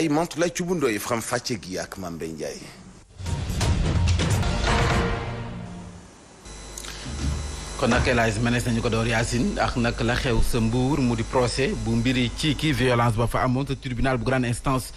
ay Mantoulaye Thioub Ndoye faram fàcce gi ak Mame Mbaye Ndiaye. kon nag El menes nañu ko door Yacine ak nag la xew sa mbuur mu di procès bu mbiri ci kii violence ba fa amoon sa tribunal bu grande instance.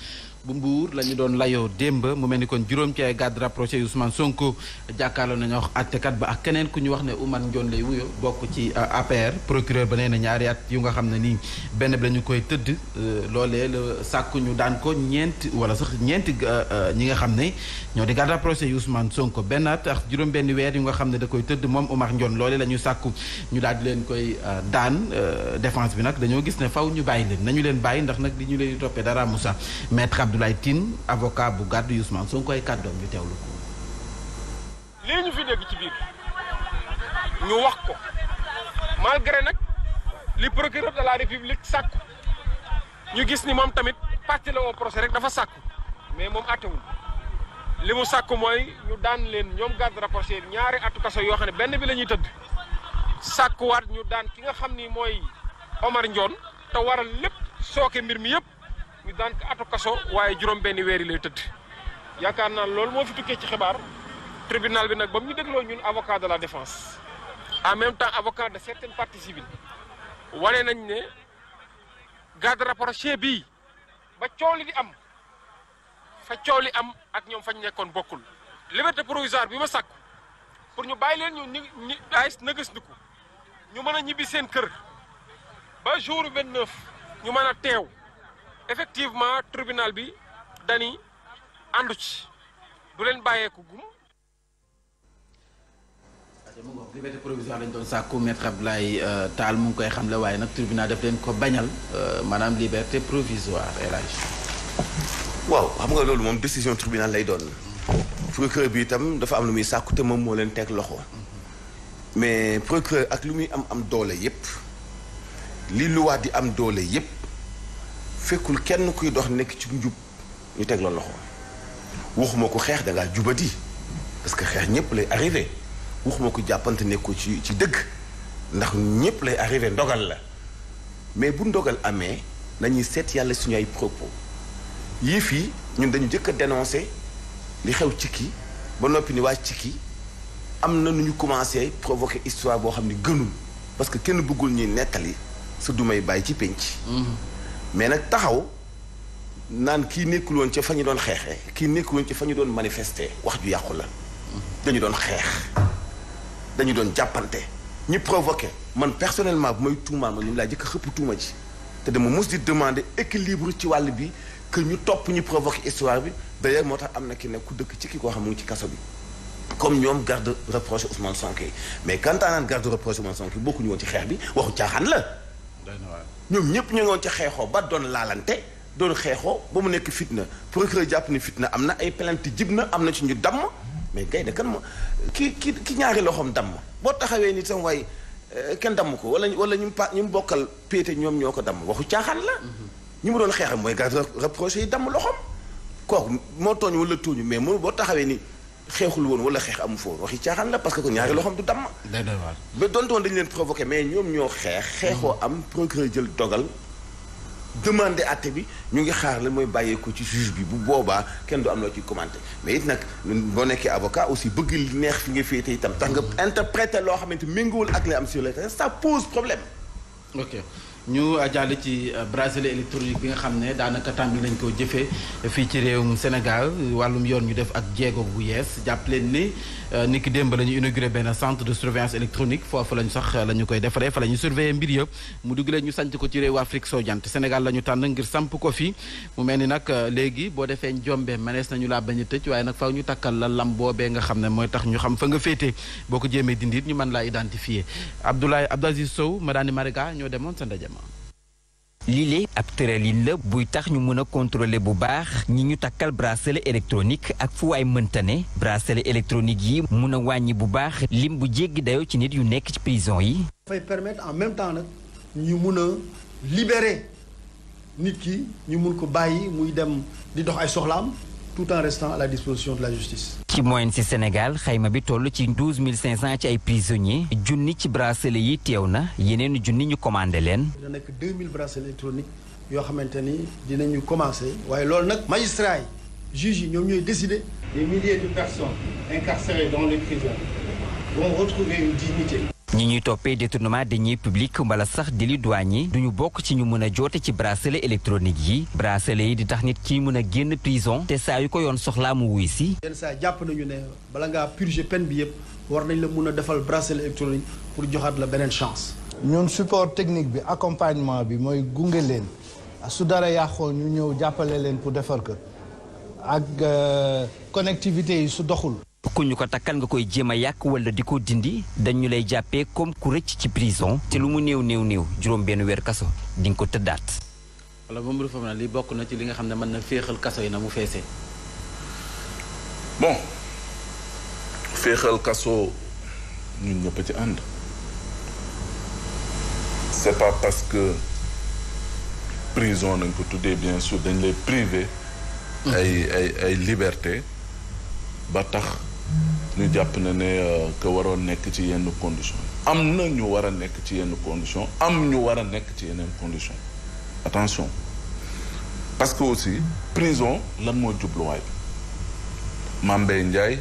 bu Mbour la ñu doon layoo démb mu mel ni kon juróom ci ay garde rapproché yu Ousmane Sonko jàkkaarloo nañu wax àttekat ba ak keneen ku ñu wax ne Oumar Ndione lay wuyo bokk ci euh, APR procureur ba nee ñaari at yu nga xam ne nii benn la ñu koy tëdd euh, loolee la sàkku ñu daan ko ñeenti wala sax ñeenti euh, ñi nga xam ne ñoo di garde rapproché yu Ousmane Sonko benn at juróom benn weer yu nga xam ne da koy tëdd moom Oumar Ndione loolee la ñu sàkku ñu daal di leen koy daan defence bi nag dañoo gis ne faw ñu bàyyi leen nañu leen bàyyi ndax nag li ñu leen toppee dara musa Abdoulaye Tine avocat bu gàddu Ousmane Sonko koy kàddoom ñu teewlu ko. lii ñu fi dégg ci biir ñu wax ko malgré nag li procureur de la république sàkku ñu gis ni moom tamit partie la au procès rek dafa sàkku mais moom àttewul li mu sàkku mooy ñu daan leen ñoom garde rapproché ñaari atu kaso yoo xam ne benn bi la ñuy tëdd sàkkuwaat ñu daan ki nga xam ni mooy Omar Ndione te waral lépp sooke mbir mi yëpp ñu daan ko atu kaso waaye juróom benn weeri lay tëdd yaakaar naa loolu moo fi tukkee ci xibaar tribunal bi nag ba mu ñu dégloo ñun avocat de la défense en même temps avocat de certaines parties civiles wane nañ ne garde rapproché bi ba coow li di am fa coow li am ak ñoom fañ nekkoon bokkul liberté provisoire bi ma sàkku pour ñu bàyyi leen ñu ñi ay nëgës ni ko ñu mën a ñibbi seen kër ba jour vingt neuf ñu mën a teew effectivement tribunal bi dani àndu ci du leen bàyyeeku gum mu ngoog liberté provisoire lañ doon sàkku maître Abdoulaye euh, Tall mu ngi koy xamle waaye nag tribunal def leen ko bañal euh, maanaam liberté provisoire élage waaw xam nga loolu moom décision tribunal lay doon procureur bi itam dafa am lu muy sàkku te moom moo leen teg loxo mais procureur ak lu muy am am doole yépp li luwaat di am doole yépp fekkul kenn kuy dox nekk ci njub ñu teg la loxo waxuma ko xeex dangaa di parce que xeex ñëpp lay arrivé waxuma ko jàppante nekkoo ci ci dëgg ndax ñëpp lay arriver ndogal la mais bu ndogal amee nañuy seet yàlla suñu ay propos yii fii ñun dañu jëkk a dénoncé li xew ci kii ba noppi ni waa ci kii am na nu ñu commencé provoquer histoire boo xam ne gënul parce que kenn bëggul ñuy nettali sa dumay bàyyi ci pénc mm-hmm. mais nag taxaw naan kii nekkul woon ca fa ñu doon xeexee kii nekkul woon ca fa ñu doon manifester wax ju yàqu la dañu doon xeex dañu doon jàppante ñi provoqué man personnellement bu may tuumaal ma ñu laa jëkk xëpp tuuma ji te dama mus di demander équilibre ci wàll bi kër ñu topp ñu provoqué histoire bi d'ailleurs moo tax am na ki ne ku dëkk ci ki ko xam mu ngi ci kaso bi comme ñoom garde reproche Ousmane Sonko yi mais quant à naan garde reproche Ousmane yi bokkuñu woon ci xeex bi waxu caaxaan la ñoom ñëpp ñu ngoon ca xeexoo ba doon laalante doon xeexoo ba mu nekk fitna procureur jàpp ni fitna am na ay plainte jib na am na ci ñu damm mais gaynde kan ma ki ki ki ñaari loxoom damm boo taxawee ni tam waaye euh, kenn damm ko wala wala ñu pa ñu bokkal péete ñoom ñoo ko damm waxu caaxaan la. ñu mu doon xeexam mooy gaz reproché yi damm loxoom. kooku moo tooñ wala tooñu mais moom boo taxawee nii xeexul woon wala xeex amu foon waxi caaxaan la parce que ko ñaari loxoom du damm. day doy waar ba donte dañu leen provoqué mais ñoom ñoo xeex. xeexoo am procureur jël dogal. demandé àtte bi ñu ngi xaar la mooy bàyyeeku ci juge bi bu boobaa kenn du am loo ci commenté mais it nag boo nekkee avocat aussi bëgg li neex fi nga féete itam tax nga interpréter loo xamante méngoowul ak li am sur le terrain ça pose problème. ñu jàll ci euh, bracelet électronique bi nga xam ne daanaka tàmbali nañ ko jëfee fii ci réewum Sénégal wàllum yoon ñu def ak jéego bu yees jàpp leen ni euh, ni ki démb la ñu inauguré benn centre de surveillance électronique foofu la sax la ñu koy defaree fa la ñu surveiller mbir yëpp mu dugg ñu sanc ko ci réew Afrique soo jant Sénégal la ñu tànn ngir samp ko fi mu mel ni nag euh, léegi boo defee njombe mënees nañu laa bañ a tëj waaye nag faw ñu takkal la lam boobee nga xam ne mooy tax ñu nga féetee boo ko jéemee dindit ñu mën laa identifier Abdoulaye Abdou Aziz Sow Madani Mariga ñoo demoon sa ndaje lii lee ab tëralin la buy tax ñu mën a contrôler bu baax ñi ñu takkal bracelet électronique ak fu ay mënta ne bracelet électronique yi mun a wàññi bu baax lim bu jéggi dayoo ci nit yu nekk ci prison yi. dafay permettre en même temps nag ñu mun a libérer nit ki ñu mun ko bàyyi muy dem di dox ay soxlaam. tout en restant à la disposition de la justice. ci moyenne ci Sénégal xayma bi toll ci douze mille cinq cent ci ay prisonniers junni ci bracelet yi teew na yeneen junni ñu commandé leen. dina nekk deux mille bracelets électroniques yoo xamante ni dinañu commencé waaye loolu nag magistrats yi yi ñoom ñooy décider. des milliers de personnes incarcérées dans les prisons vont retrouver une dignité. ñi ñuy toppee détournement deniers publics mbala sax délit douane yi duñu bokk ci ñu mën a joote ci bracelet électronique yi bracelet yi di tax nit ci mën a génn prison te saa yu ko yoon soxlaa mu wuy si yenn saa jàpp nañu ne bala ngaa purger peine bi yëpp war nañ la mën a defal bracelet électronique pour joxaat la beneen chance ñun support technique bi accompagnement bi mooy gunge leen ah su dara yàqoo ñu ñëw jàppale leen pour defar ko ak euh, connectivité yi su doxul ku ñu ko takkal nga koy jéem a yàq wala di ko dindi dañu lay jàppee comme ku rëcc ci prison te lu mu néew néew néew juróom benn weer kaso di nga ko tëddaat. wala moom lu na li bokk na ci li xam ne mën na féexal kaso yi na mu feesee. bon féexal kaso ñun ñëpp ci ànd. c'est pas parce que prison nañ ko tuddee bien sûr dañ lay privé. Mm-hmm. ay ay ay liberté ba tax. ñu jàpp na ne euh, que waroon nekk ci yenn condition am na ñu war a nekk ci yenn condition am ñu war a nekk ci yeneen condition attention parce que aussi prison lan moo jubluwaay maam Mbaye Ndiaye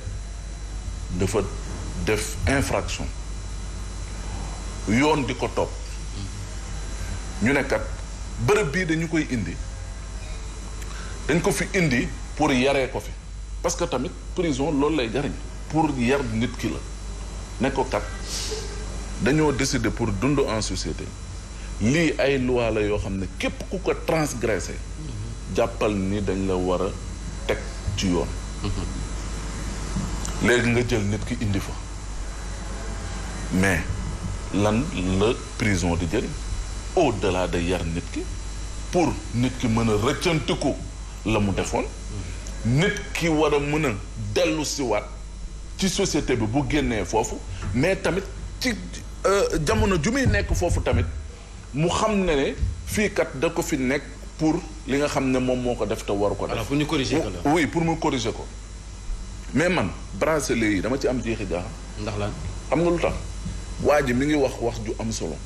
dafa def infraction yoon di ko topp ñu nekkat bërëb bii dañu koy indi dañ ko fi indi pour yaree ko fi parce que tamit prison loolu lay jariñ pour yar nit ki la ne ko kat dañoo décider pour dund en société lii ay loi yoo xam ne képp ku ko transgressé jàppal ni dañ la war a teg ci yoon léegi nga jël nit ki indi fa mais lan la prison di jël au delà de yar nit ki pour nit ki mën a rëccantiku la mu defoon nit ki wara a mën a dellu siwaat ci société bi bu génnee foofu mais tamit ci euh, jamono ju muy nekk foofu tamit mu xam ne ne fii kat da ko fi nekk pour li nga xam ne moom moo ko def te waru ko def. alors pour ñu corriger ko la oui pour mu corriger ko mais man bracelet yi dama ci am jeexi jaaxam. ndax lan xam nga lu tax waa ji mi ngi wax wax ju am solo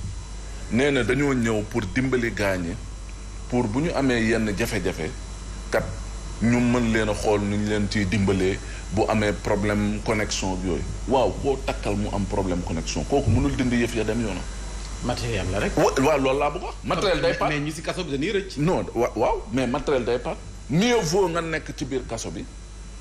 nee na dañoo ñëw pour dimbali gaañe pour bu ñu amee yenn jafe-jafe kat. ñu mën leen a xool ni ñu leen ciy dimbalee bu amee problème connection bi yooyu waaw koo takkal mu am problème connection kooku mënul dindi yëf ya dem yoona matériel la rek. waaw loolu laa bëgg wax. matériel day paat mais si kaso bi dañuy rëcc. non waaw mais matériel day paat mieux vaut nga nekk ci biir kaso bi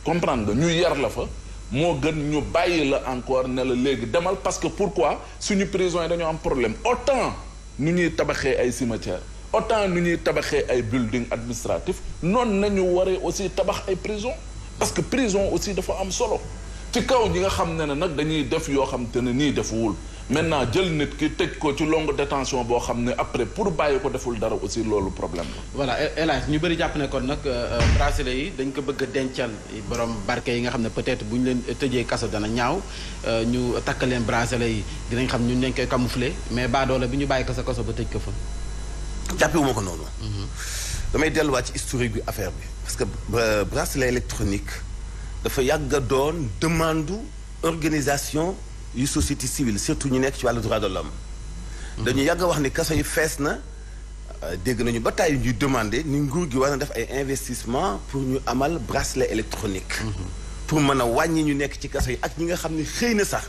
comprendre nga ñu yar la fa moo gën ñu bàyyi la encore ne la léegi demal parce que pourquoi suñu prison yi dañoo am problème autant nu ñuy tabaxee ay cimetière autant nu ñuy tabaxee ay building administratif noonu nañu waree aussi tabax ay prison parce que prison aussi dafa am solo ci kaw ñi nga xam ne ne nag dañuy def yoo xam te ne nii defuwul maintenant jël nit ki tëj ko ci longue détention boo xam ne après pour bàyyi ko deful dara aussi loolu problème la. voilà El ñu bëri jàpp ne kon nag euh, euh, bracelet yi dañ ko bëgg a dencal borom barke yi nga xam ne peut-être bu ñu leen tëjee kaso dana ñaaw euh, ñu takk leen bracelet yi dinañ xam ñun dañ koy camoufler mais baadoola bi ñu bàyyi ko sa kaso ba tëj ko jàppee wu ko noonu. damay delluwaat ci historique bi affaire bi parce que euh, bracelet électronique dafa yàgg a doon demande organisation yu société civile surtout ñu nekk ci wàllu droit de l'homme dañu yàgg wax ni kaso yi fees na euh, dégg nañu ba tàyyi ñuy demandé ni nguur gi war na def ay investissement pour ñu amal bracelet électronique pour mën a wàññi ñu nekk ci kaso yi ak ñi nga xam ne xëy na sax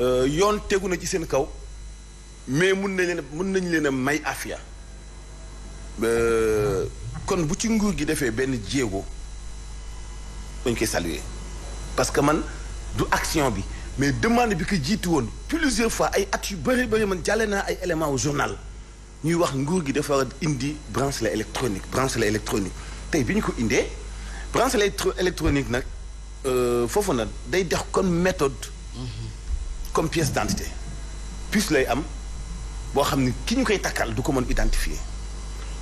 euh, yoon tegu na ci seen kaw mais mun nañ leen mun nañ leen a may afia kon bu ci nguur gi defee benn jéego dañ koy saluer parce que man du action bi mais demande bi ko jiitu woon plusieurs fois ay at yu bëri bëri man jàlle naa ay éléments au journal ñuy wax nguur gi dafa war a indi bracelet électronique bracelet électronique tey bi ñu ko indee bracelet électronique nag euh, foofu nag day dex comme méthode mhm. comme pièce d'identité puce lay am boo xam ni ki ñu koy takkal du ko mën identifier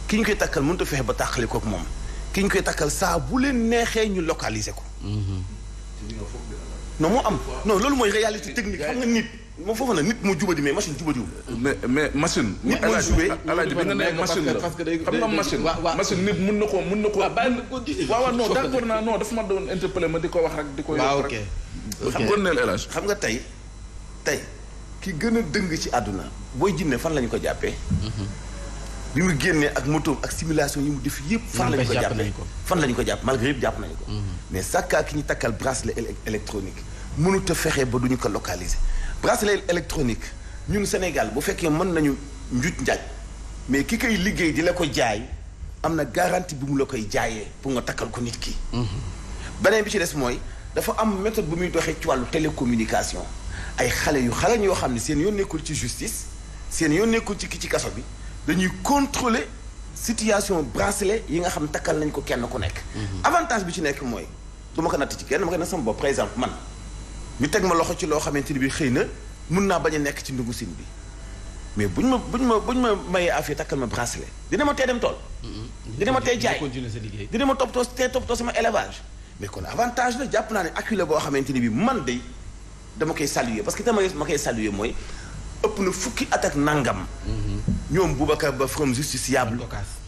ki ñu koy takkal mënut a fexe ba tàqali kook moom ki ñu koy takkal saa bu leen neexee ñu localiser ko. Mm-hmm. non moo am non loolu mooy réalité technique xam nga nit. moo jubadi mais machine jubadiwul. mais mais machine. nit moo jubee alaaji bi nga ne machine la xam nga machine. machine mun na koo mun na koo. waaw bàyyi waaw waaw non d'accord naa non dafa ma ko wax di ko yokk rek waaw ok. xam nga xam nga tey tey. ki gën a dëng ci àdduna booy jinne fan la ñu ko jàppee. bi mu génnee ak moto ak simulation yi mu def yëpp. fan lañu ko jàppee fan lañu ko jàpp malgré jàpp nañu ko. Mhm. mais sakkaa ki ñu takkal bracelet électronique mënut a fexe ba du ñu ko localiser. bracelet électronique ñun Sénégal bu fekkee mën nañu njuuj njaaj mais ki koy liggéey di la ko jaay am na garanti bi mu la koy jaayee pour nga takkal ko nit ki. Mhm. beneen bi ci des mooy dafa am méthode bu muy doxee ci wàllu télécommunication. ay xale yu xarañ yoo xam ne seen yoon nekkul ci justice seen yoon nekkul ci ki ci kaso bi dañuy contrôler situation bracelet yi nga xam takkal nañ ko kenn ku nekk. Mhm. avantage bi ci nekk mooy du ma ko natt ci kenn ma ko natt sama bopp par man ñu teg ma loxo ci loo xamante ni bi xëy na mun naa bañ a nekk ci ndungu sin bi mais buñ ma buñ ma buñ ma mayee affaire takkal ma bracelet dina ma tee dem tool. Mhm. dina ma tee jaay dina ma toppatoo tee toppatoo sama élevage. mais kon avantage la jàpp naa ne acculé boo xamante ni bi man de. dama koy saluer parce que dama ma koy saluer mooy ëpp na fukki at nangam. ñoom bu Boubacar Ba From Justiciable.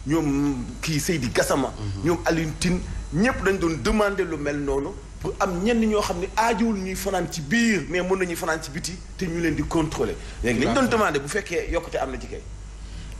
ñoom kii Seydi Gassama. ñoom Alioune Tine ñëpp dañ doon demander lu mel noonu. pour am ñenn ñoo xam ne aajowul ñuy fanaan ci biir mais mën nañuy fanaan ci biti te ñu leen di contrôler léegi lañ doon demander bu fekkee yokkute am na ci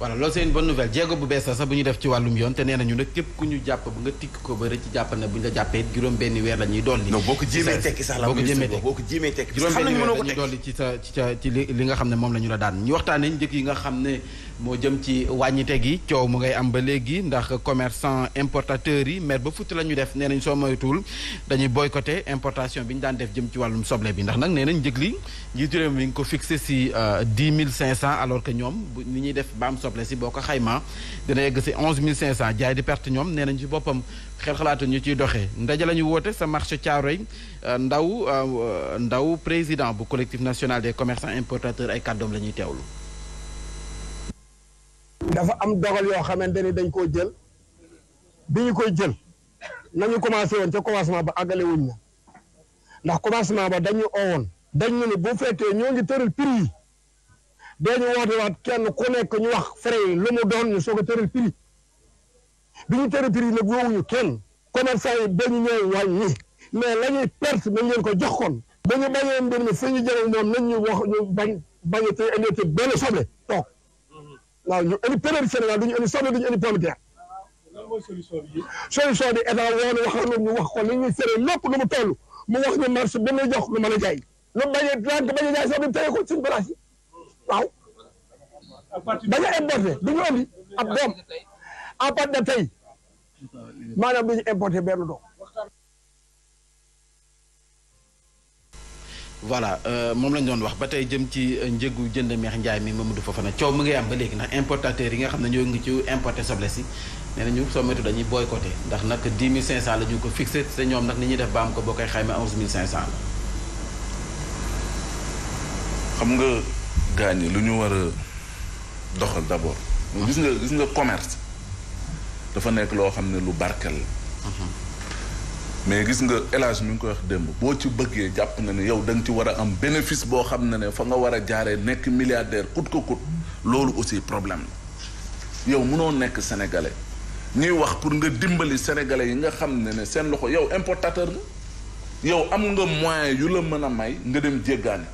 voilà loolu c'est une bonne nouvelle jéego bu bees sax bu ñu def ci wàllum yoon te nee nañu nag képp ku ñu jàpp bu nga tikk ko ba rëcc jàpp ne bu ñu la jàppee juróom benni weer la ñuy dolli boo ko jéemee tekki sax la boo jéemee tekki juróom benni weer la dolli ci sa ci sa ci li li nga xam ne moom la ñu la daan ñu waxtaanee njëkk yi nga xam ne moo jëm ci wàññite gi coow mu ngay am ba léegi ndax commerçant importateurs yi mer ba futti la ñu def nee nañ soo moytuwul dañuy boycotté importation bi ñu daan def jëm ci wàllum soble bi ndax nag nee nañu njëg li njiitu réew mi ko fixé si euh, dix mille cinq cent alors que ñoom ni ñuy def baam soble si boo ko xayma dina yegg si onze mille cinq cent jaay di perte ñoom nee nañ ci boppam xel xalaatu ñu ciy doxee ndaje la ñu woote sa marché Thiaroye euh, ndaw euh, ndaw président bu collectif national des commerçants importateurs ay kàddoom la ñuy teewlu dafa am dogal yoo xamante ni dañ koo jël bi ñu koy jël nañu commencé woon ca commencement ba àggale wuñ na ndax commencement ba dañu owoon dañ ñu ne bu fekkee ñoo ngi tëral prix yi dañu woote kenn ku nekk ñu wax frais yi lu mu doon ñu soog a tëral prix bi ñu tëral prix nag woowuñu kenn commerçant yi dañu ñëw wàññi mais la ñuy perte nañ leen ko jox kon ba ñu bañee mbir mi fi ñu jëlee moom nañ ñu wax ñu bañ bañ a tey benn soble waaw ñu indi période Sénégal du ñu ñu indi pomme de terre. solution bi solution bi wax ñu wax ko ni ñuy seree lépp nu mu toll mu wax ñu marché bi ñu jox lu mën a jaay lu bañ a daan bañ a jaay sax dañu teye ko waaw. bañ a importé du ñu indi ab doom à partir de tey maanaam du ñu importé benn doom. voilà euh, moom lañ doon wax ba tey jëm ci euh, njëgu jënd meex njaay mi Mamadou Fofana coow mu ngi am ba léegi ndax importateurs yi nga xam ne ñoo ngi ci importer soble si nee nañu soo moytu dañuy boycotté ndax nag 10 500 la ñu ko fixé te ko boo koy xayma 11 la. xam nga gaañ lu ñu war a doxal d' abord. gis nga gis nga commerce dafa nekk loo xam ne lu barkeel mais gis nga élage mi ngi koy wax démb boo ci bëggee jàpp na ne yow da ci war a am bénéfice boo xam ne ne fa nga war a jaaree nekk milliardaire coûte que coûte loolu aussi problème la yow munoo nekk sénégalais ñuy wax pour nga dimbali sénégalais yi nga xam ne ne seen loxo yow importateur nga yow am nga moyen yu la mën a may nga dem jéggaani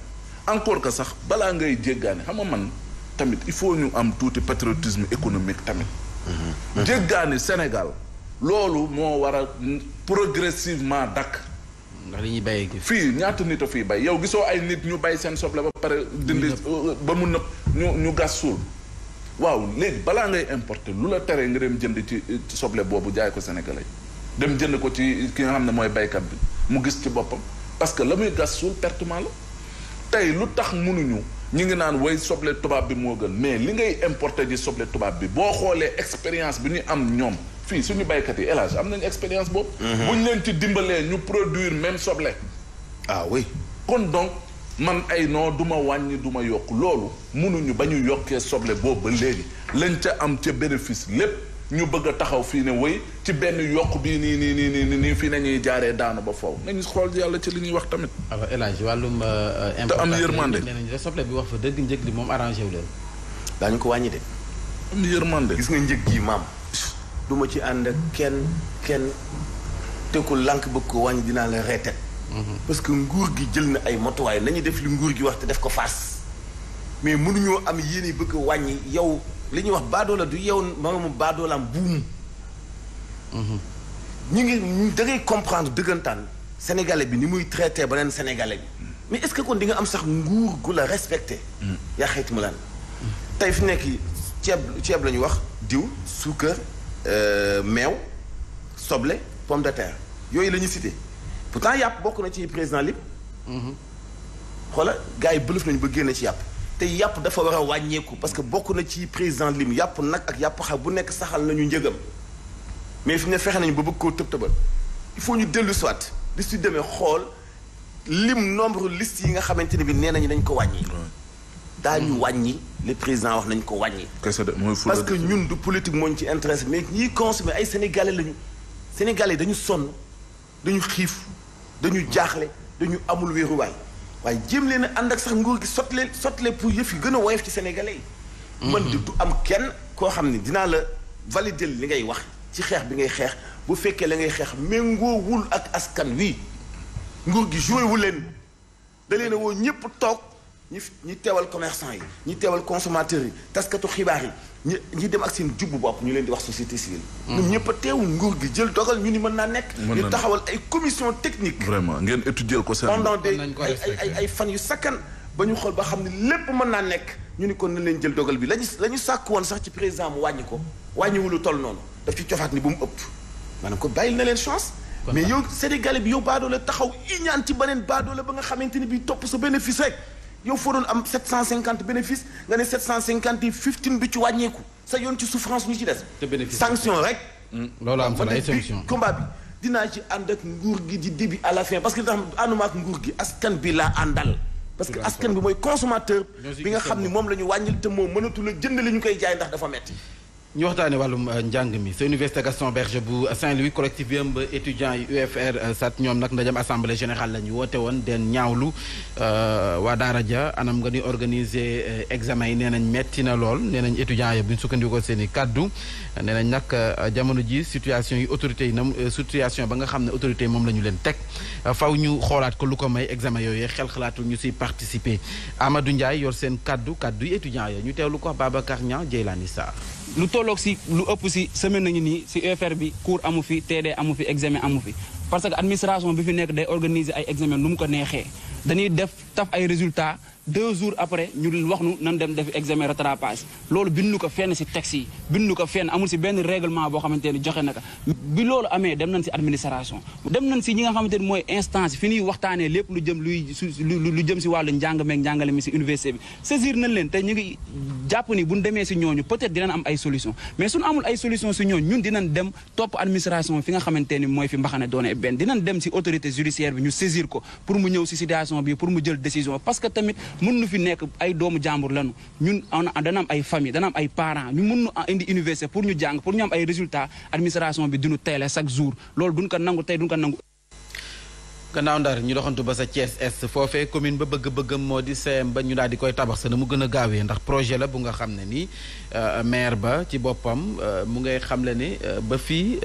encore que sax balaa ngay jéggaani xam nga man tamit il faut ñu am tuuti patriotisme économique tamit mhm. jéggaani Sénégal loolu moo war a progressivement dakk ndax li ñuy bay fii ñaata nit a fii bay yow gisoo ay nit ñu bay seen soble ba pare dindi ba mu nëb ñu ñu gas suul waaw léegi balaa ngay importe lu la teree nga dem jënd ci soble boobu jaay ko sénégalais dem jënd ko ci ki nga xam ne mooy baykat bi mu gis ci boppam parce que la muy gas suul pertement la tey lu tax munuñu ñi ngi naan woy soble tubaab bi moo gën mais li ngay importer ji soble tubaab bi boo xoolee expérience bi ñu am ñoom fii suñu baykat yi élage am nañu expérience boobu. Mhm. buñ leen ci dimbalee ñu produire même soble. ah oui kon donc man ay non du ma wàññi du ma yokk loolu mënuñu ba ñu yokkee soble boobu ba léegi lañ ca am ca bénéfice lépp ñu bëgg a taxaw fii ne wéy ci benn yokk bii nii nii nii nii nii fii nañuy jaaree daanu ba foofu nañu xool yàlla ci li ñuy wax tamit. alors élage wàllum. Euh, euh, te am yërmande nee nañu soble bi wax fa dëgg njëg li moom arrangé wu leen. daañu ko wàññi de. am yërmande gis nga njëg gi maam. du ma ci ànd kenn kenn te ku lànk bëgg ko wàññ dinaa la reetet mhm. parce que nguur gi jël na ay motuwaay nañu def li nguur gi wax te def ko faas mais mënuñoo am yéene bëgg wàññ wàññi yow li ñuy wax baadoola du yow moromu baadoolaam buum mhm. ñu ngi da ngay comprendre dëggantaan sénégalais bi ni muy traité beneen sénégalais bi mais est-ce que kon di nga am sax nguur gu la respecté mhm. yaa xeet mu lan tey fi nekk ceeb ceeb la ñu wax diw suukar Euh, meew soble pomme de terre yooyu la ñu cité pourtant yàpp bokk na ci président lib mhm. xoola gars yi bëlëf nañu ba génne ci yàpp te yàpp dafa war a wàññeeku parce que bokk na ci président lim yàpp nag ak yàpp xar bu nekk saxal nañu njëgam mais fi ne fexe nañu ba bëgg koo tëb tëbal il faut ñu dellu soit di su demee xool lim nombre liste yi nga xamante ne bi nee nañu dañ ko wàññi daañu wàññi le président wax nañ ko wàññi. parce que ñun du politique moo ci intéressé mais ñiy consommer ay sénégalais lañu sénégalais dañu sonn dañu xiif dañu jaaxle dañu amul wéeruwaay waaye jéem leen a ànd ak sax nguur gi sotti leen sotti pour yëf yi gën a woyof ci sénégalais yi. man mhm. du am kenn koo xam ne dinaa la valider li ngay wax ci xeex bi ngay xeex bu fekkee la ngay xeex wul ak askan wi nguur gi joué wu leen da leen woo ñëpp toog. ñi ñi teewal commercant yi ñi teewal consommateur yi taskatu xibaar yi ñi ñi dem ak seen jubbu bopp ñu leen di wax société civile. Mm. ñoom ñëpp a teewu nguur gi jël dogal ñu ni mën naa nekk. ñu taxawal ay commission technique. vraiment ngeen étudier ko seen. pendant des ay ay fan yu sakkan ba ñu xool ba xam ne lépp mën naa nekk ñu ni kon nañ leen jël dogal bi la ñu la ñu sàkk woon sax ci président mu wàññi ko wàññiwu lu toll noonu daf ci cofaat ni bu mu ëpp maanaam ko bàyyil na leen chance. mais yow Sénégalais bi yow baadoole la taxaw iñaan ci beneen baadoo la ba nga xamante ni bi topp sa bénéfice rek yow foo doon am 750 bénéfice nga ne 750 yi 15 bi ci wàññeeku sa yoon ci souffrance ñu ci des. te bénéfice sanction rek. Hmm. loolu am solo ay sanction combat bi dinaa ci ànd ak nguur gi di début à la fin parce que li nga xam nguur gi askan bi laa àndal. parce que askan bi mooy consommateur. bi nga xam ni moom la ñu wàññil te moo mënatul a jënd li ñu koy jaay ndax dafa metti ñu waxtaane wàllum euh, njàng mi sa université Gaston Berger bu Saint-Louis collectif bi ëmb étudiants yi UFR euh, sat ñoom nag ndajam assemblée général la ñu woote woon den ñaawlu euh, waa daara ja anam nga ni organiser examen yi nee nañ metti na lool nee nañ étudiants yi bu ñu sukkandikoo seen i kaddu nee nañ nag jamono ji situation yi autorités yi nam situation ba nga xam ne autorité moom la ñu leen teg faw ñu xoolaat ko lu ko may examen yooyu xel xalaatul ñu siy participer Amadou Ndiaye seen kaddu kaddu yi étudiants yooyu ñu teewlu ko Babacar Niang Jeylani Sarr lu tolloog si lu ëpp si semaine nañu nii si UFR e bi cours amu fi TD amu fi examen amu fi parce que administration bi fi nekk day organiser ay examen nu mu ko neexee dañuy def taf ay résultat deux jours après ñu wax nu nan dem def examen rattrapage loolu bindu ko fenn si texte yi bindu ko fenn amul si benn réglement boo xamante ni joxe na ko bi loolu amee dem nañ si administration dem nañ si ñi nga xamante ni mooy instance fi ñuy waxtaanee lépp lu jëm luy lu jëm si wàllu njàng njàngale mi si université bi saisir nañ leen te ñu ngi jàpp ni bu ñu demee si ñooñu peut-être dinañ am ay solution mais suñu amul ay solution si ñooñu ñun dinañ dem topp administration fi nga xamante ni mooy fi mbaxane doone benn dinañ dem si autorité judiciaire bi ñu saisir ko pour mu ñëw si situation bi pour jël décision mën nu fi nekk ay doomu jàmbur lañu ñun dana am ay famille dana ay parents ñu mën nu indi université pour ñu jàng pour ñu am ay résultats administration bi dunu teele chaque jour loolu dun ko nangu tey duñ ko nangu gannaaw ndar ñu doxantu ba sa Thiès Est foofee commune ba bëgg-bëggam moo di CM ba ñu daal di koy tabax sa na mu gën a gaawee ndax projet la bu nga xam ne ni euh, maire ba ci boppam euh, mu ngay xam le ne euh, ba fii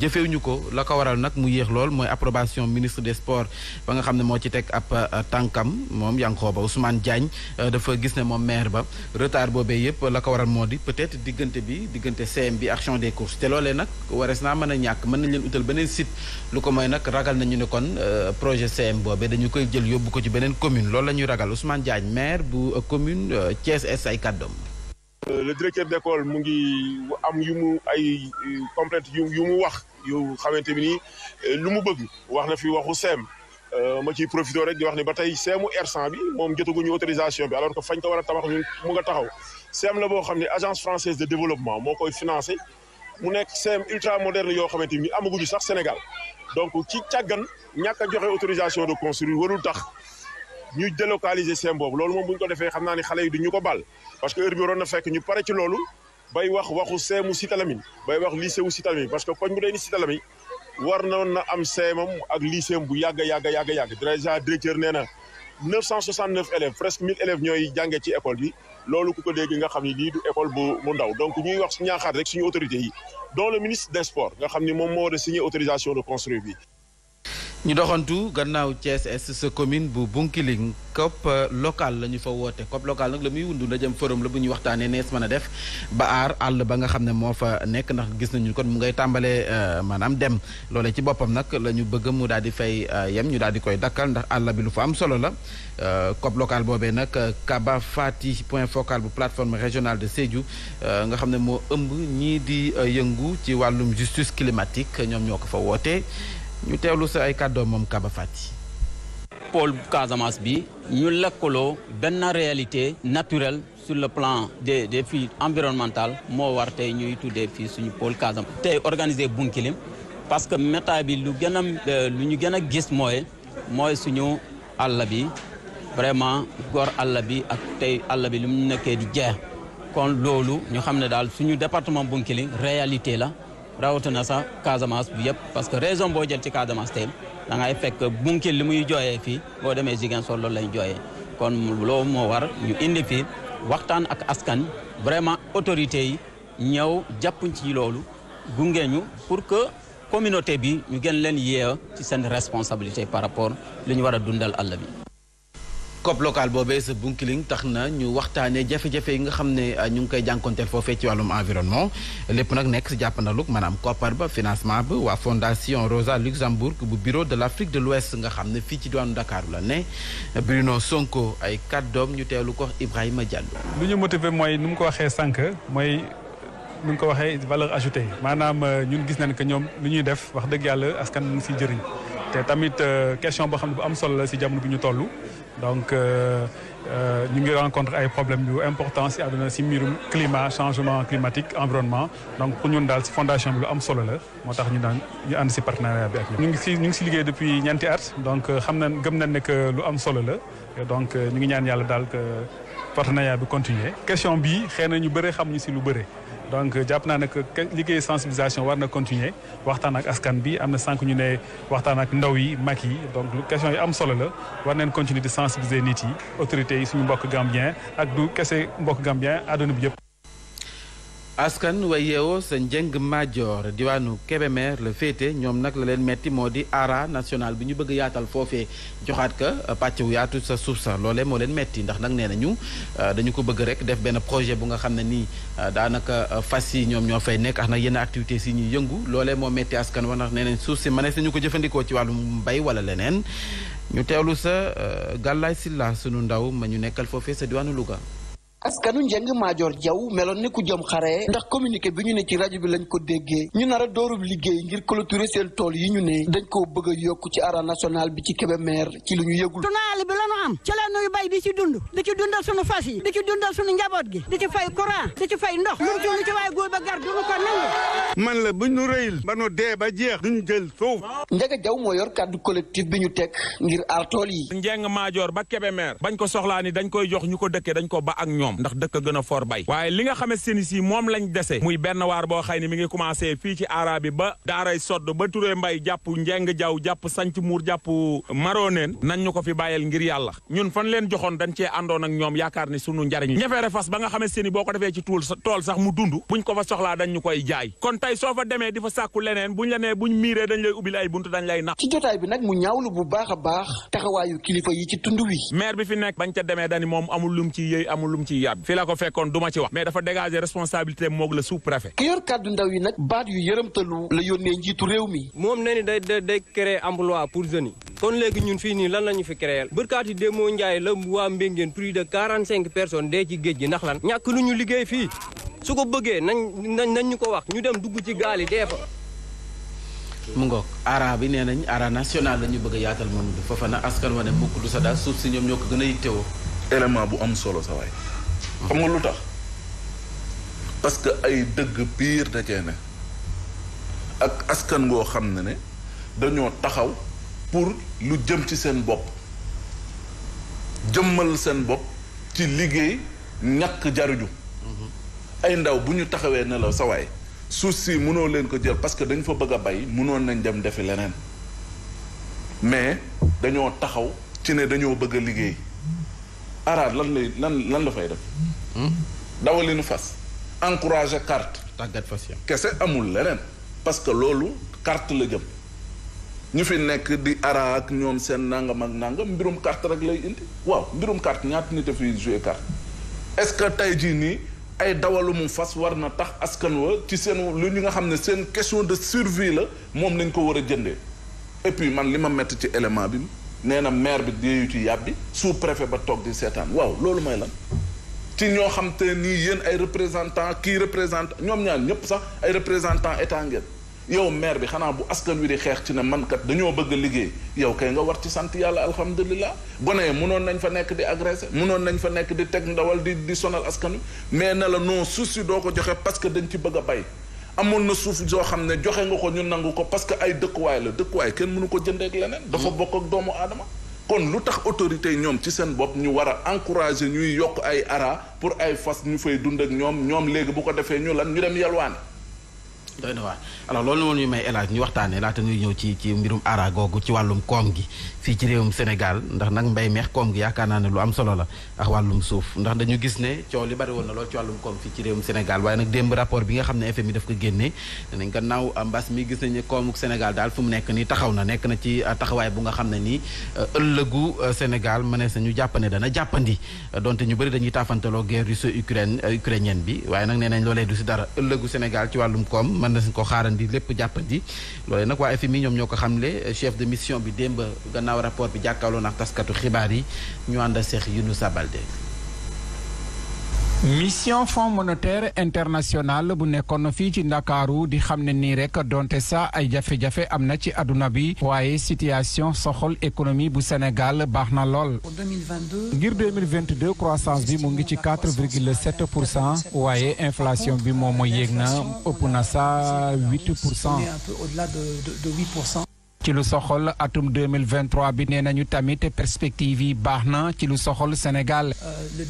jëfewuñu ko la ko waral nag mu yéex lool mooy approbation ministre des sports ba nga xam ne moo ci teg ab tànkam moom Yankhoba Ousmane jaañ dafa gis ne moom maire ba retard boobee yëpp la ko waral moo di peut-être diggante bi diggante CM bi ak champ des te loolee nag warees naa mën a ñàkk mën nañ leen utal beneen site lu ko nag ragal nañu ne kon projet CM boobee dañu koy jël yóbbu ko ci beneen commune loolu la ñuy ragal Ousmane Diagne maire bu euh, commune euh, Thiès Est ay kàddoom. Euh, le directeur d'école mu ngi am yu mu ay complainte yu yu mu wax yu xamante bi nii lu mu bëgg wax na fi waxu seem ma ciy profité rek di wax ni ba tey seemu R100 bi moom jotaguñu autorisation bi alors que fañ ko war a tabax mu nga taxaw seem la boo xam ne agence française de développement moo koy financé mu nekk seem ultra moderne yoo xamante ni amaguñu sax Sénégal donc ci càggan ñàkk joxe autorisation de construire warul tax ñu délocaliser seen boobu loolu moom bu ñu ko defee xam naa ni xale yi du ñu ko baal parce que heure bi waroon na fekk ñu pare ci loolu bay wax waxu seemu Cité Lamy bay wax lycée wu Cité parce que koñ bu dee ni Cité Lamy war noon na am seemam ak lycéem bu yàgg yàgg yàgg yàgg déjà directeur nee na 969 élèves presque 1000 élèves ñooy jàngee ci école bi loolu ku ko dégg nga xam ni lii école bu mu ndaw donc ñuy wax ñaaxaat rek suñu autorité yi dont le ministre des nga xam ni moom moo war a signer autorisation de construire bi ñu doxantu gannaaw Thiès Est sa commune bu Bunkiling COP euh, local la ñu fa woote COP local nag la muy wundu la jëm forum la bu ñuy waxtaanee nees mën a def ba aar àll ba nga xam ne moo fa nekk ndax gis nañu kon mu ngay tàmbalee euh, maanaam dem loole ci boppam nag la ñu bëgg mu daal di fay euh, yem ñu daal di koy dakkal ndax àll bi lu fa am solo la COP local boobee nag Kaba Fati point focal bu plateforme régionale de Sédhiou nga xam ne moo ëmb ñii di yëngu ci wàllum justice climatique ñoom ñoo ko fa ñu teewlu sa ay kàddoo moom Kaba Fati. pôle Casamance bi ñu lëkkaloo benn réalité naturelle sur le plan des fi environnementaux moo war tey ñuy tuddee fii suñu pôle Casamance. tey organiser Bunkilim parce que méta bi lu gën a lu ñu gën a gis mooy mooy suñu àll bi vraiment gor àll bi ak tey àll bi lu mu nekkee di jeex kon loolu ñu xam ne daal suñu département Bunkilim réalité la. rawatina sax Casamance bi yëpp parce que raison boo jël ci Casamance tey dangay fekk bunki li muy jooyee fii boo demee jigéen Ziguinchor loolu lay jooyee kon loo moo war ñu indi fii waxtaan ak askan vraiment autorités yi ñëw jàppuñ ci loolu gunge ñu pour que communauté bi ñu gën leen yee ci seen responsabilité par rapport li ñu war a dundal àll bi. COP local boobee sa bunkiling tax na ñu waxtaanee jafe-jafe yi nga xam ne euh, ñu ngi koy jànkonteel foofee ci wàllum environnement lépp nag nekk si jàppandalug maanaam koppar ba financement ba waa fondation Rosa Luxembourg bu bureau de l' Afrique de l'Ouest nga xam ne fii ci diwaanu Dakar la ne Bruno Sonko ay doom ñu teelu ko Ibrahima Diallo. lu ñu motiver mooy nu mu ko waxee sànq mooy nu mu ko waxee valeur ajoutée maanaam euh, ñun gis nañ que ñoom lu ñuy def wax dëgg yàlla askan mu ngi siy jëriñ. te tamit euh, question boo xam ne bu am solo la si jamono bi ñu toll donc euh, euh, ñu ngi rencontre ay problème yu important si àdduna si mbirum climat changement climatique environnement donc pour ñun daal si fondation bi lu am solo la moo tax ñu daan ñu ànd si partenariat bi ak ñu ngi si ñu ngi si liggéey depuis ñeenti at donc xam na gëm nañ ne que lu am solo la donc ñu ngi ñaan yàlla daal partenariat bi continuer question bi xëy na ñu bëre xam ñu si lu bëre donc jàpp naa ne que liggéey sensibilisation war na continuer waxtaan ak askan bi am na sànq ñu ne waxtaan ak ndaw yi mag yi donc question yi am solo la war neen continuer di sensibiliser nit yi autorités yi suñu mbokk gambien ak du kese mbokk gambien àdduna bi yëpp. askan wa yeewoo sa njëng major diwaanu Kébémer la féete ñoom nag la leen metti moo di ara national bi ñu bëgg yaatal foofee joxaat ka pàcc wu yaatu sa suuf sa loolee moo leen metti ndax nag nee nañu euh, dañu ko bëgg rek def benn projet bu nga xam ne nii euh, daanaka euh, fas yi ñoom ñoo fay nekk ak nag yenn activités yi ñuy yëngu loolee moo metti askan wa ndax nee nañ suuf si mënees nañu ko jëfandikoo ci wàllum mbay wala leneen ñu teewlu sa gàllaay silla sunu ndaw ma ñu nekkal foofee sa diwaanu Louga askanu njëng maajoor jaw meloon ni ku jom xare ndax communiqué bi ñu ne ci rajo bi lañ ko déggee ñu nar a liggéey ngir clôturer seen tool yi ñu ne dañ koo bëgg a yokk ci ara national bi ci Kébémer ci lu ñu yëgul tunaali bi lañu am ci la nuy bay di ci dund di ci dundal suñu fas yi di ci dundal suñu njaboot gi di ci fay courant di ci fay ndox lu ci ci waay góor ba gar duñu ko nangu man la bu ñu rëyil ba nu dee ba jeex duñu jël suuf njaga jaw moo yor kàddu collectif bi ñu teg ngir aar tool yi njëng maajoor ba Kébémer bañ ko soxlaa ni dañ koy jox ñu ko dëkkee dañ ko ba ak ñoom ñoom ndax dëkk gën a for bay waaye li nga xame seeni si moom lañ dese muy benn waar boo xëy ne mi ngi commencé fii ci aara bi ba daaray sodd ba turee mbay jàpp njeng jaww jàpp sanc muur jàpp maroneen nañ ñu ko fi bàyyel ngir yàlla ñun fan leen joxoon dañ cee àndoon ñoom yaakaar ni sunu njariñ ñefeere fas ba nga xame seeni boo ko defee ci tool sax mu dund buñ ko fa soxlaa dañ ñu koy jaay kon tey soo fa demee di fa sàkku leneen buñ la buñ miiree dañ a baax ciy fii la ko fekkoon du ma ci wax mais dafa dégager responsabilité moog la sous préfet ki yor kàddu ndaw yi nag baat yu yërëmtalu la yónnee njiitu réew mi moom na ni day day day pour jeunes yi kon léegi ñun fii nii lan la ñu fi créé bërkaati demoo njaay la waa Mbéngeen plus de quarante cinq personnes dee ci géej gi ndax lan ñàkk lu ñu liggéey fii su ko bëggee nañ nañ nañ ñu ko wax ñu dem dugg ci gaal yi dee fa mu ngoog ara bi nee nañ ara la ñu bëgg a yaatal moom du fa fana askan wa ne mukk du sa daal suuf ñoom ñoo ko gën a yittewoo xam nga lu tax parce que ay dëgg biir da cee ne ak askan goo xam ne ne dañoo taxaw pour lu jëm ci seen bopp jëmmal seen bopp ci liggéey ñàkk jaruñu ay ndaw bu ñu taxawee ne la sa waay suuf si mënoo leen ko jël parce que dañ fa bëgg a bay mënoon nañ dem defi leneen mais dañoo taxaw ci ne dañoo bëgg a liggéey araad lan lay lan lan la fay def. Hmm? dawalinu fas. encouragé carte. tàggat fas ya kese amul leneen. parce que loolu carte la jëm. ñu fi nekk di ara ak ñoom seen nangam ak nangam mbirum carte rek lay indi waaw mbirum carte ñaata nit a fi joué carte est-ce que tey jii nii ay dawalu mu fas war na tax askan wa ci seen lu ñu nga xam ne seen question de survie la moom nañ ko war a jëndee et puis man li ma métti ci élément bi nee na maire bi déeyu ci yàbbi sous préfet ba toog di seetaan waaw loolu mooy lan ci ñoo xam te nii yéen ay représentant kii représentant ñoom ñaan ñëpp sax ay représentant état ngeen yow maire bi xanaa bu askan wi di xeex ci ne mankat dañoo bëgg a liggéey yow kay nga war ci sant yàlla alhamdulilah gone mënoon nañ fa nekk di agressé mënoon nañ fa nekk di teg ndawal di di sonal askan wi mais na la non suuf si doo ko joxe parce que dañ ci bëgg a bay amoon na suuf joo xam ne joxe nga ko ñu nangu ko parce que ay dëkkuwaay la dëkkuwaay kenn mënu ko jëndee ak leneen. dafa bokk ak doomu aadama. kon lu tax autorité ñoom ci seen bopp ñu war a encourager ñuy yokk ay ara pour ay fas ñu fay dund ak ñoom ñoom léegi bu ko defee ñu lan ñu dem yalwaane. doy na waar alors loolu la ñu may El ñu waxtaanee laata ñuy ñëw ci ci mbirum ara googu ci wàllum koom gi fii ci réewum Sénégal ndax nag mbay meex koom gi yaakaar na lool ci wàllum koom fii ci réewum Sénégal waaye nag démb rapport bi nga xam ne FMI daf ko génne nañ ko naaw ah, mbas mi gis nañ ne koomuk Sénégal daal fu mu nekk nii taxaw na nekk na ci ah, taxawaay bu nga xam ne nii ah, ëllëgu Sénégal mënees nañu jàpp ne dana jàppandi donte ñu bëri dañuy taafantaloo guerre russo Ukraine ukrainienne bi waaye nag nee nañ loolee du si dara ëllëgu Sénégal ci wàllum koom mën nañ ko xaarandi lépp jàppandi loolee nag waa FMI ñoom ñoo ko xamle chef de mission bi démb gannaaw ginnaaw rapport bi jàkkaarloo nag taskatu xibaar yi ñu ànd a Cheikh Younoussa mission fonds monétaire international bu nekkoon fii ci ndakaaru di xam ne nii rek donte sax ay jafe-jafe am na ci adduna bi waaye situation soxol économie bu Sénégal baax na lool. ngir 2022 croissance bi mu ngi ci 4,7 pour cent waaye inflation bi moom mooy ëpp na sa pour cent. ci lu soxal atum 2023 bi nee nañu tamit perspective yi baax na ci lu soxal Sénégal euh,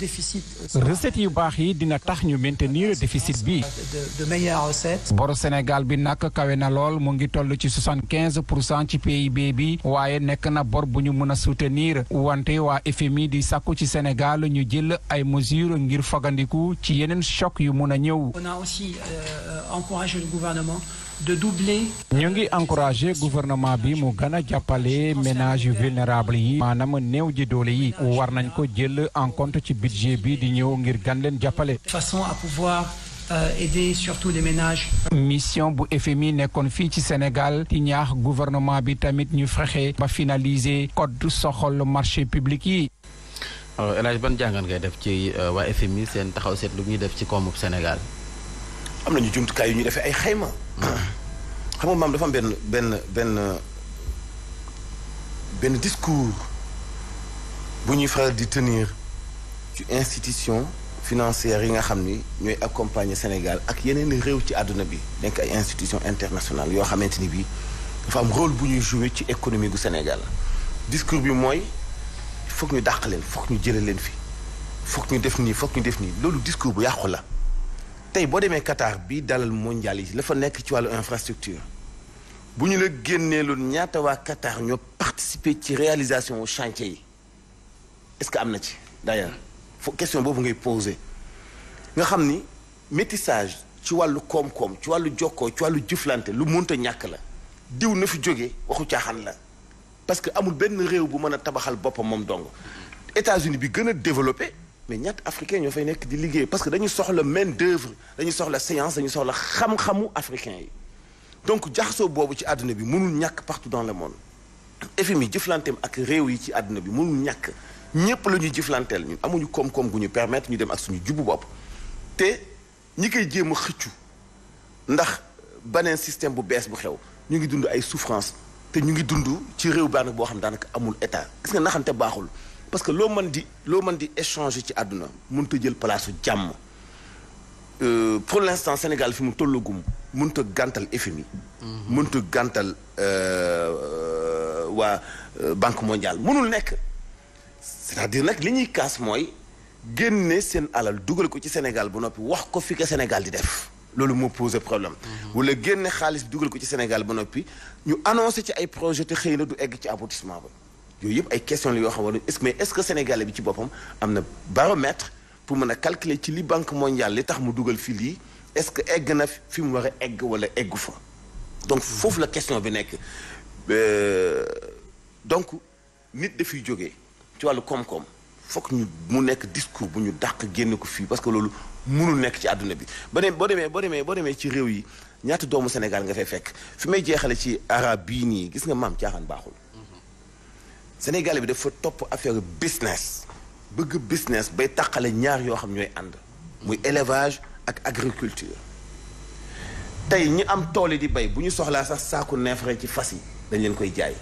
euh, recettes yu baax yi dina tax ñu maintenir déficit bi boru Sénégal bi nag kawe na lool mu ngi toll ci 75 pour cent ci PIB bi waaye nekk na bor bu ñu mën a soutenir wante waa FMI di sàkku ci Sénégal ñu jël ay mesures ngir fogandiku ci yeneen choc yu mën a ñëw. On a aussi euh, encouragé de doubler. ñu ngi encouragé gouvernement bi mu gën a jàppale ménages vulnérables yi maanaam néew ji doole yi war nañ ko jël en compte ci budget bi di ñëw ngir gan leen jàppale. façon à pouvoir Euh, mission bu FMI nekkoon fii ci Sénégal di ñaax gouvernement bi tamit ñu fexe ba finaliser code soxol marché public yi. El ban jàngat ngay def ci euh, waa FMI seen taxaw seetlu lu ñuy def ci koomub Sénégal. am nañu jumtukaay yu ñu defee ay xayma. xam nga dafa benn benn benn benn discours bu ñuy faral di tenir ci institution financière yi nga xam ni ñooy accompagner Sénégal ak yeneen réew ci àdduna bi nekk ay institution internationale yoo xamante ni bii dafa am rôle bu ñuy jouer ci économie gu Sénégal discours bi mooy foog ñu dàq leen foog ñu jële leen fi foog ñu def nii foog ñu def nii loolu discours bu yàqu la tey boo demee Qatar bi dalal mondialise yi la fa nekk ci wàllu infrastructure bu ñu la génnee lu ñaata waa Qatar ñoo participer ci réalisation chantier yi est-ce que am na ci d'ailleurs fo question boobu ngay poser nga xam ni métissage ci wàllu koom-koom ci wàllu jokkoo ci wàllu jëflante lu mënta ñàkk la diw na fi jóge waxu caaxaan la parce que amul benn réew bu mën a tabaxal boppam moom dong États-Unis bi gën a développé mais ñaata africain ñoo fay nekk di liggéey parce que dañu soxla main d'œuvre dañu soxla science dañu soxla xam-xamu africain yi donc jaxasoo boobu ci àdduna bi mënul ñàkk partout dans le monde FMI jëflanteem ak réew yi ci àdduna bi mënul ñàkk ñëpp la ñuy jëflanteel ñun amuñu koom-koom gu ñu permettre ñu dem ak suñu jubbu bopp te ñi koy jéem a xëccu ndax beneen système bu bees bu xew ñu ngi dund ay souffrance te ñu ngi dund ci réew baax boo xam daanaka amul état gis nga naxante baaxul parce que loo man di loo man di échanger ci àdduna mënut jël palaasu jàmm euh, pour l'instant Sénégal fi mu tollagum mënut a gàntal FMI. Mhm. mënut a gàntal euh, euh, waa Banque mondiale mënul nekk c'est-à-dire nag li ñuy kaas mooy génne seen alal dugal ko ci Sénégal ba noppi wax ko fi ko Sénégal di def. loolu moo posé problème. Mhm. wala génne xaalis dugal ko ci Sénégal ba noppi ñu annoncé ci ay projet te xëy na du egg ci aboutissement ba. yooyu yëpp ay question la yoo xam ne est-ce mais est-ce que Sénégalais bi ci boppam am na baromètre pour mën a calculer ci li banque mondiale li tax mu dugal fii lii est-ce que egg na fi mu war a egg wala eggu fa donc foofu la question bi nekk euh, donc nit dafiy jóge ci wàllu koom-koom fokk ñu mu nekk discours bu ñu dàq génn ko fii parce que loolu mënul nekk ci àdduna bi ba boo demee boo demee boo demee ci réew yi ñaata doomu Sénégal nga fay fekk fi may jeexale ci arab bii nii gis nga maam caaxaan baaxul Sénégal bi dafa topp affaire business bëgg business bay taqale ñaar yoo xam ñooy ànd muy élevage ak agriculture tey ñu am tool yi di bay bu ñu soxlaa sax saaku neefere ci fas yi dañ leen koy jaay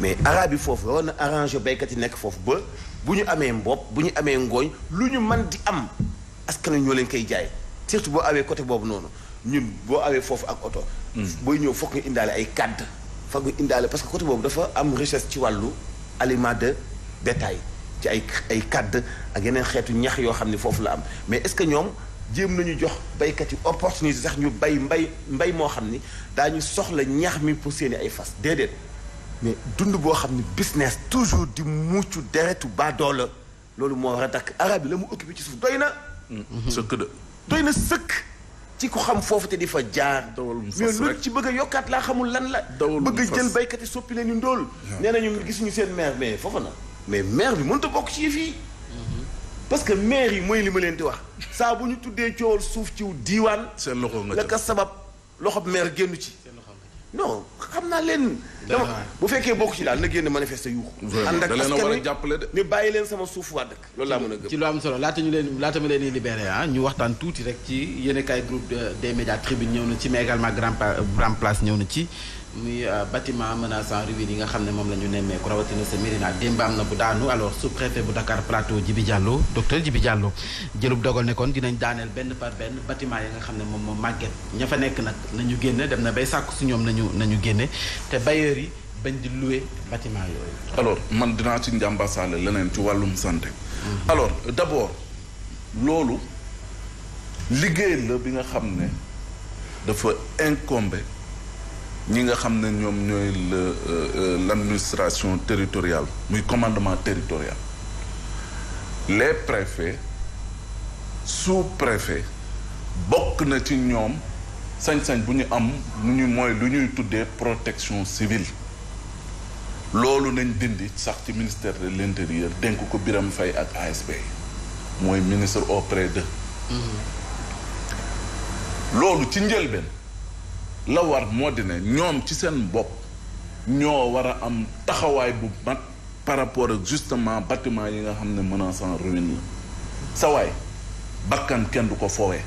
mais arabe yi foofu waroon na arrangé baykat yi nekk foofu ba bu ñu amee mbopp bu ñu amee ngooñ lu ñu man di am askan nañ ñoo leen koy jaay surtout boo awee côté boobu noonu ñun boo awee foofu ak oto hmm. booy ñëw foog nga indaale ay kàdd fagu indaale parce que côté boobu dafa am richesse ci wàllu aliment de bétail ci ay ay kàdd ak yeneen xeetu ñax yoo xam ne foofu la am mais est-ce que ñoom jéem nañu jox baykat yi opportunité sax ñu bay mbay mbay moo xam ni daañu soxla ñax mi pour seeni ay fas déedéet mais dund boo xam ni business toujours di muccu deretu baadoola loolu moo war a arab yi la mu occupé ci suuf doy na mm-hmm. sëkk de doy na sëkk ci ku xam foofu te di fa jaar. mais loolu ci bëgg a yokkaat laa xamul lan la. bëgg a jël baykat yi soppi leen ñu ndóol. nee na ñu gisuñu seen maire mais foofa na. mais maire bi mënut a bokk ci yëf yi. Mm-hmm. parce que maire yi mooy li ma leen di wax. saa bu ñu tuddee coowal suuf ciw diiwaan. seen loxo nga la ka sabab loxo maire génn ci. non xam naa leen. donc bu fekkee bokk ci daal na génn manifester yuuxu. ànd ak askan wi jàppale de. ñu bàyyi leen sama suuf waa dëkk. loolu laa mën a gëm ci lu am solo laata leen laata ma leen di libéré ah ñu waxtaan tuuti rek ci yéen a kaay groupe des médias tribune ñëw na ci mais également grand grand place ñëw na ci muy a euh, menaçant ruine yi nga xam ne moom la ñu nemmeeku rawatina sa Médina démb am na bu daanu alors sous-préfet bu Dakar Plateau Djibi Diallo docteur Djibi Diallo jëlub dogal ne kon dinañ daaneel benn par benn bâtiment yi nga xam ne moom moom màgget ña fa nekk nag nañu génne dem na bay sàkku su ñoom nañu nañu génne te bailleurs yi bañ di louer bâtiment yooyu alors man dinaa ci njàmbasaale leneen ci wàllum santé mm-hmm. alors d'abord loolu liggéey la bi nga xam ne dafa incombé ñi nga xam ne ñoom ñooy le euh, euh, l' administration muy commandement territorial les préfets sous-préfets bokk na ci ñoom sañ-sañ bu ñu am nu mooy lu ñuy tuddee protection civile loolu nañ dindi sax ci ministère de l' intérieur dénk ko biram fay ak ASP mooy ministre auprès de. Mm-hmm. loolu ci njëlbeen. la war moo dina ñoom ci seen bopp ñoo war a am taxawaay bu mat par rapport ak justement bâtiment yi nga xam ne a en ruine la sa waay bakkan kenn du ko foowee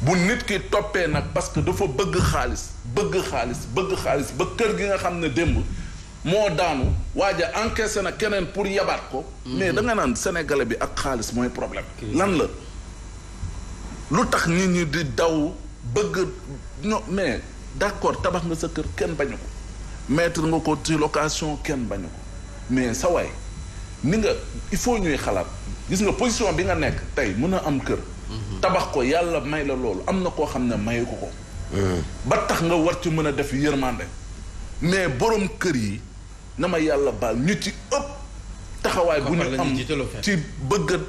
bu nit ki toppee nag parce que dafa bëgg xaalis bëgg xaalis bëgg xaalis ba kër gi nga xam ne démb moo daanu waaja encaissé na keneen pour yabaat ko mhm. mais danga naan sénégalais bi ak xaalis mooy problème lan la lu tax nit ñi di daw bëgg ño mais d'accord tabax nga sa kër kenn bañu ko mettre nga ko ci location kenn bañu ko mais sa waay ni nga il faut ñuy xalaat gis nga position bi nga nekk tey mun a am kër mhm. tabax ko yàlla may la loolu am na koo xam ne mayu ko ko mhm. ba tax nga war ci mën a def yërmande mais borom kër yi na ma yàlla baal ñu ci ëpp taxawaay bu ñu am ci bëgg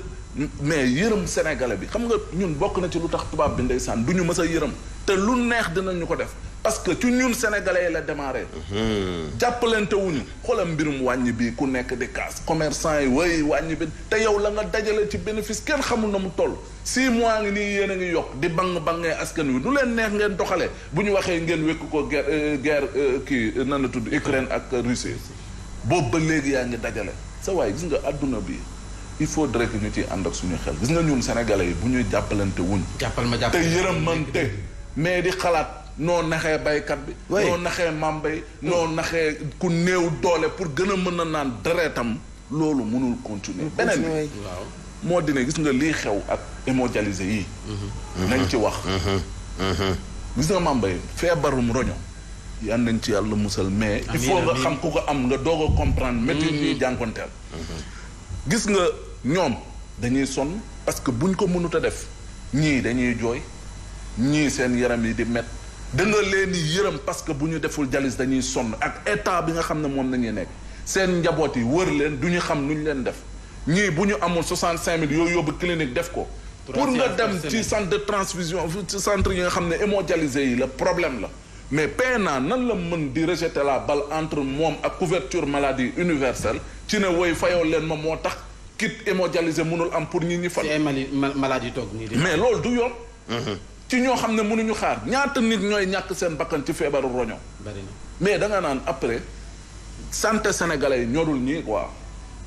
mais yërëm sénégalais bi xam nga ñun bokk na ci lu tax tubaab bi ndeysaan du ñu mës a yërëm te lu neex ñu ko def parce que ci ñun sénégalais la démarré. Mhm. jàppalante wuñu xoolal mbirum wàññi bi ku nekk di kaas commerçant yi way wàññi bi te yow la nga dajale ci bénéfice kenn xamul na mu toll six mois ngi nii yéen a ngi yokk di bang bangee askan wi nu leen neex ngeen doxalee bu ñu waxee ngeen wékk ko guerre euh, guerre euh, kii euh, nan la tudd Ukraine ak Russie boobu ba léegi yaa ngi dajale sa waaye gis nga àdduna bi il faudrait que ñu ci ànd ak suñu xel gis nga ñun sénégale yi bu ñuy jàppalante wuñ jàppal ma jàppal te yërëmante mais di xalaat noo naxee baykat bi. noo naxee mambay noo naxee ku néew doole pour gën a mën a naan deretam loolu mënul continuer. beneen bi moo dina gis nga lii xew ak hémodialysé yi. Mm-hmm. nañ ci wax. Mm-hmm. Mm-hmm. gis nga mambay feebarum roño yan nañ ci yàlla musal mais. il faut nga xam ku ko am nga doog a comprendre. métti ñuy jànkonteel. gis nga ñoom dañuy sonn parce que buñ ko mënut a def ñii dañuy jooy ñii seen yaram yi di met da nga leen di yërëm parce que bu ñu deful jalis dañuy sonn ak état bi nga xam ne moom nañuy nekk seen njaboot yi wër leen du ñu xam nu ñu leen def ñii bu ñu amul 65000 yooyu yóbbu clinique def ko. pour nga dem ci centre de transfusion ci centre yi nga xam ne hémodialysé yi la problème la. mais PNA nan la mën di rejeter la balle entre moom ak couverture maladie universelle ci ne woy fayoo leen ma moo tax kit hémodialysé mënul am pour ñi ñi fan. ci ay maladie toog nii mais loolu du yoon. Mhm. ci ñoo xam ne mënuñu xaar ñaata nit ñooy ñàkk seen bakkan ci feebaru roño mais danga naan après santé sénégalais yi ñorul ñii quoi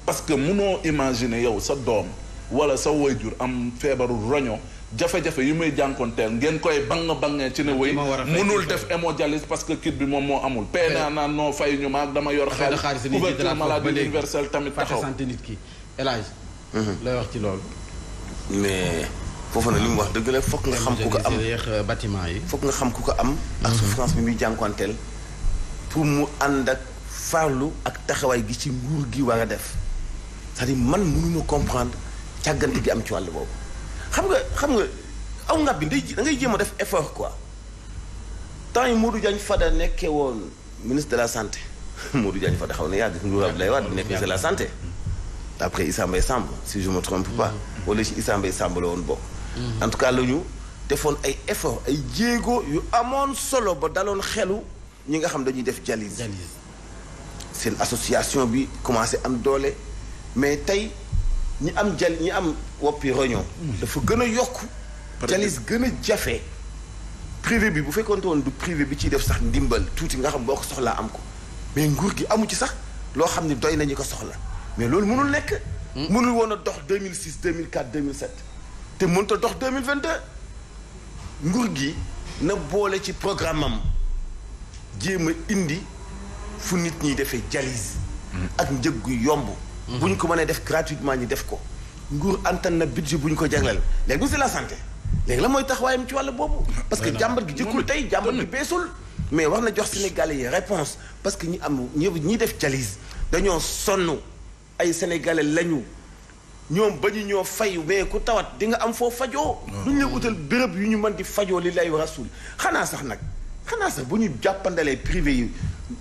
parce que mënoo imaginer yow sa doom wala sa jur am feebaru roño jafe-jafe yi muy jànkoonteel ngeen koy bang bangee ci ne ah, wéy mënul def hémodialyse parce que kit bi moom moo amul PNA naan noo fay ñu maag dama yor xaalis couverture maladie universelle tamit taxaw santé nit ki El Hadj mhm. lay wax ci loolu foofu nag li mu wax dëgg la foog nga xam ku ko am bâtiment yi foog nga xam ku ko am ak souffrance mhm. bi muy jànkonteel pour mu ànd ak farlu ak taxawaay gi ci nguur gi war a def c'est-à-dire man mënuma comprendre càggante gi am ci wàll boobu xam nga xam nga aw ngab bi da ngay jéem a def effort quoi temps yi Modou Diagne Fada nekkee woon ministre de la santé Modou Diagne Fada xaw na yàgg nguur Abdoulaye la santé mhm. après Issa Mbaye Samb si je me trompe pas mhm. wala ci Issa Mbaye Samb la woon bokk Mm-hmm. en tout cas la ñu defoon ay effort ay jéego yu amoon solo ba daloon xelu ñi nga xam dañuy def dialyse seen association bi commencé am doole mais tey ñi am jal ñi am woppi roño mm-hmm. dafa gën a yokk dialyse gën a jafe privé bi bu fekkoonte woon du privé bi ciy def sax ndimbal tuuti nga xam boo ko soxlaa am ko mais nguur gi amu ci sax loo xam ni doy nañu ko soxla mais loolu mënul nekk mm-hmm. mënul woon a dox 2006 2004 2007 te mënut a dox 2022 nguur gi na boole ci programme am jéem a indi fu nit ñi defee dialyse ak njëg gu yomb mhm. buñ ñu ko mënee def gratuitement ñi def ko nguur antan na budget bu ñu ko jagleel léegi bu si la santé léegi la mooy taxawaayam ci wàll boobu parce que jàmbat gi jëkkul tey jàmbat gi beesul mais war na jox sénégalais yi réponse parce que ñi am ñi def dialyse dañoo sonn ay sénégalais lañu ñoom ba ñu ñoo fay mais ku tawat di nga am foo fajoo. Ah. ñu la utal béréb yu ñu mën di fajoo li lay rasul xanaa sax nag xanaa sax bu ñu jàppandalee privé yi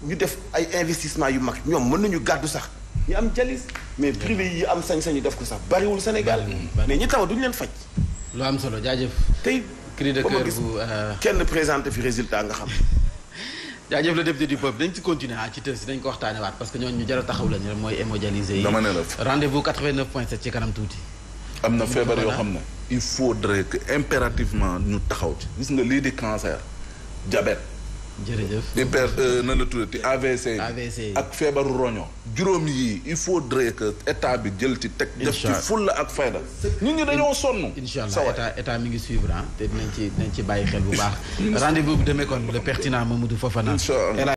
ñu def ay investissement yu mag ñoom mën nañu gàddu sax ñu am jalis mais privé yi am sañ-sañu def ko sax bariwul Sénégal. Mm, mm, mais ñi tawat duñu leen faj. lu am solo jaajëf. tey cri de cœur euh, kenn présenté fi résultat nga xam. jaajëf la député du peuple dañ ci continuer ah ci tënsi dañ ko waxtaane waat parce que ñooñu ñu a taxaw lañu rek mooy émodialisé yi dama ne la rendez-vous 89 point 7 ci kanam tuuti am na feebar yoo xam ne il faudrait que impérativement ñu taxaw ci gis nga lii di cancer jabet jërëjëf di per euh, nan la tuddati AVC bi ak feebaru roño juróom yii il faudrait que état bi jël ci teg def ci fulla ak fayda nit ñi dañoo sonn incha allah état état mi ngi suivre ah. te nañ ci dinañ ci bàyyi xel bu baax rendez-vous bi demee kon le pertinent Mamadou Fofana